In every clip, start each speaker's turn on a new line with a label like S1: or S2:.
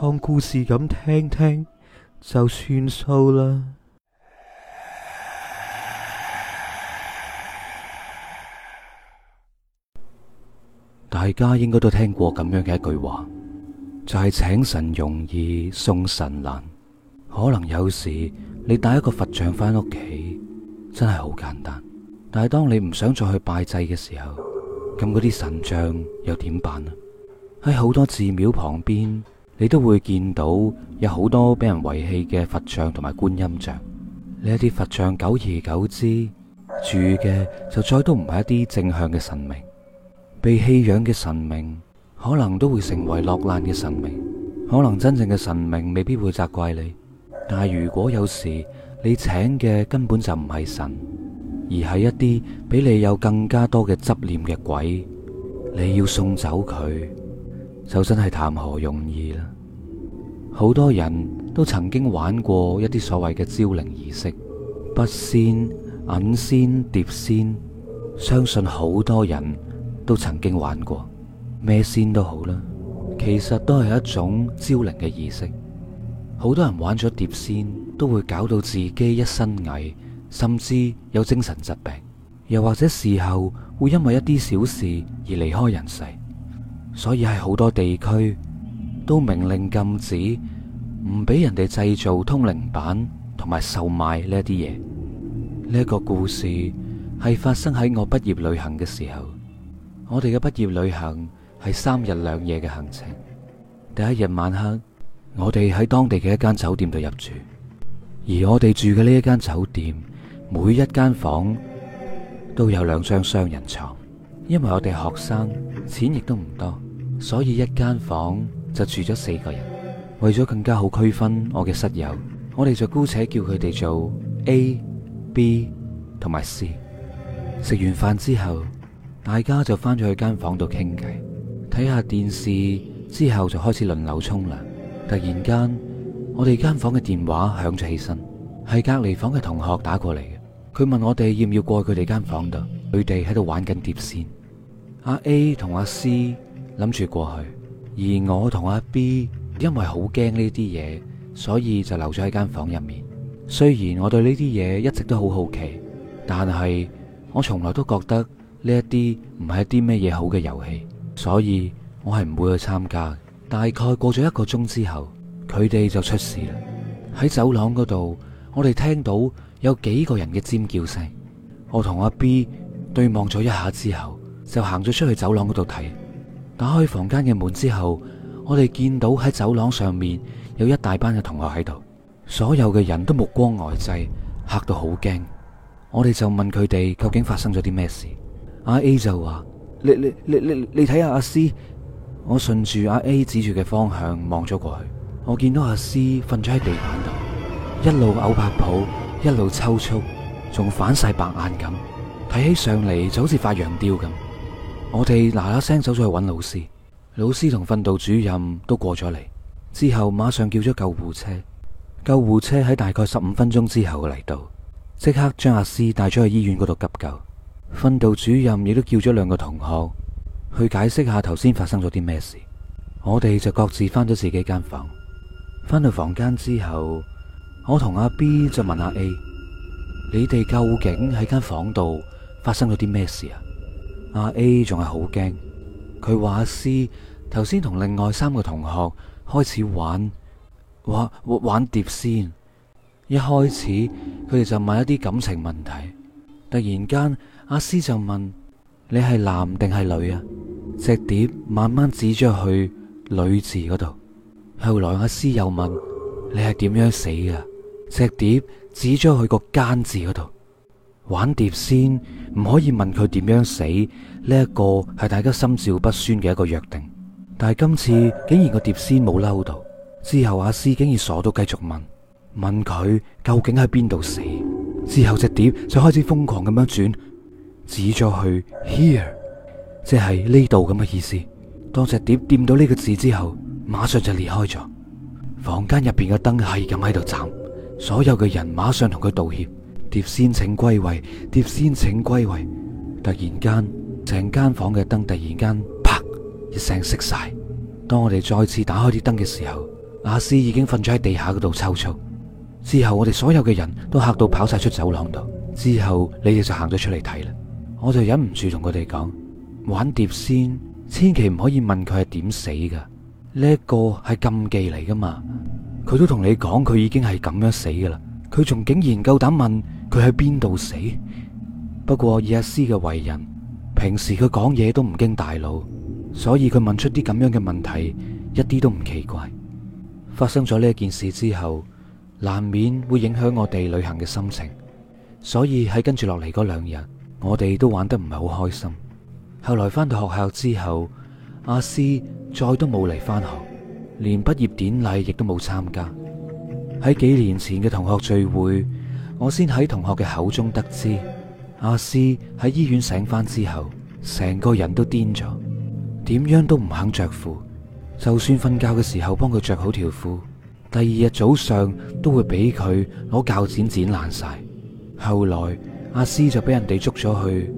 S1: 當故事咁聽聽就算數啦。大家應該都聽過咁樣嘅一句話，就係請神容易送神難。可能有時你帶一個佛像翻屋企真係好簡單，但係當你唔想再去拜祭嘅時候，咁嗰啲神像又點辦呢？喺好多寺廟旁邊。你都會見到有好多俾人遺棄嘅佛像同埋觀音像，呢一啲佛像久而久之住嘅就再都唔係一啲正向嘅神明，被棄養嘅神明可能都會成為落難嘅神明，可能真正嘅神明未必會責怪你，但係如果有時你請嘅根本就唔係神，而係一啲比你有更加多嘅執念嘅鬼，你要送走佢，就真係談何容易啦！好多人都曾經玩過一啲所謂嘅招靈儀式，筆仙、銀仙、碟仙，相信好多人都曾經玩過，咩仙都好啦。其實都係一種招靈嘅儀式。好多人玩咗碟仙，都會搞到自己一身蟻，甚至有精神疾病，又或者事後會因為一啲小事而離開人世。所以喺好多地區都明令禁止唔俾人哋製造通靈板同埋售賣呢啲嘢。呢一個故事係發生喺我畢業旅行嘅時候。我哋嘅畢業旅行係三日兩夜嘅行程。第一日晚黑，我哋喺當地嘅一間酒店度入住。而我哋住嘅呢一間酒店，每一間房都有兩張雙人床。因為我哋學生錢亦都唔多，所以一間房就住咗四個人。為咗更加好區分我嘅室友，我哋就姑且叫佢哋做 A、B 同埋 C。食完飯之後，大家就翻咗去間房度傾偈，睇下電視之後就開始輪流沖涼。突然間，我哋間房嘅電話響咗起身，係隔籬房嘅同學打過嚟嘅。佢問我哋要唔要過佢哋間房度，佢哋喺度玩緊碟仙。阿 A 同阿 C 諗住過去，而我同阿 B 因為好驚呢啲嘢，所以就留咗喺間房入面。雖然我對呢啲嘢一直都好好奇，但係我從來都覺得呢一啲唔係一啲咩嘢好嘅遊戲，所以我係唔會去參加。大概過咗一個鐘之後，佢哋就出事啦。喺走廊嗰度，我哋聽到有幾個人嘅尖叫聲。我同阿 B 對望咗一下之後，就行咗出去走廊嗰度睇，打開房間嘅門之後，我哋見到喺走廊上面有一大班嘅同學喺度，所有嘅人都目光呆滯，嚇到好驚。我哋就問佢哋究竟發生咗啲咩事。阿 A, A 就話：你你你你你睇下阿 C。我順住阿 A 指住嘅方向望咗過去，我見到阿 C 瞓咗喺地板度，一路嘔白泡，一路抽搐，仲反晒白眼咁，睇起上嚟就好似發羊吊咁。我哋嗱嗱聲走咗去揾老師，老師同訓導主任都過咗嚟，之後馬上叫咗救護車，救護車喺大概十五分鐘之後嚟到，即刻將阿 C 帶咗去醫院嗰度急救，訓導主任亦都叫咗兩個同學去解釋下頭先發生咗啲咩事，我哋就各自翻咗自己間房間，翻到房間之後，我同阿 B 就問阿 A，你哋究竟喺間房度發生咗啲咩事啊？阿 A 仲係好驚，佢話阿詩頭先同另外三個同學開始玩，玩玩碟仙。一開始佢哋就問一啲感情問題，突然間阿詩就問，你係男定係女啊？隻碟慢慢指咗去女字嗰度。後來阿詩又問，你係點樣死噶？隻碟指咗去個間字嗰度。玩碟仙唔可以問佢點樣死，呢一個係大家心照不宣嘅一個約定，但係今次竟然個碟仙冇嬲到，之後阿師竟然傻到繼續問，問佢究竟喺邊度死？之後隻碟就開始瘋狂咁樣轉，指咗去 here，即係呢度咁嘅意思。當隻碟掂到呢個字之後，馬上就裂開咗，房間入邊嘅燈係咁喺度盞，所有嘅人馬上同佢道歉。碟仙請歸位，碟仙請歸位。突然間，成間房嘅燈突然間，啪一聲熄晒。當我哋再次打開啲燈嘅時候，阿詩已經瞓咗喺地下嗰度抽搐。之後我哋所有嘅人都嚇到跑晒出走廊度。之後你哋就行咗出嚟睇啦。我就忍唔住同佢哋講：玩碟仙，千祈唔可以問佢係點死噶。呢一個係禁忌嚟噶嘛。佢都同你講，佢已經係咁樣死噶啦。佢仲竟然夠膽問？佢喺邊度死？不過以阿詩嘅為人，平時佢講嘢都唔經大腦，所以佢問出啲咁樣嘅問題，一啲都唔奇怪。發生咗呢一件事之後，難免會影響我哋旅行嘅心情，所以喺跟住落嚟嗰兩日，我哋都玩得唔係好開心。後來翻到學校之後，阿詩再都冇嚟翻學，連畢業典禮亦都冇參加。喺幾年前嘅同學聚會。我先喺同學嘅口中得知，阿詩喺醫院醒翻之後，成個人都癲咗，點樣都唔肯着褲，就算瞓覺嘅時候幫佢着好條褲，第二日早上都會俾佢攞鉸剪剪爛晒。後來阿詩就俾人哋捉咗去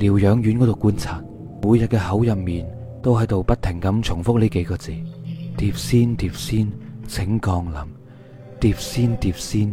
S1: 療養院嗰度觀察，每日嘅口入面都喺度不停咁重複呢幾個字：碟仙，碟仙，請降臨，碟仙，碟仙。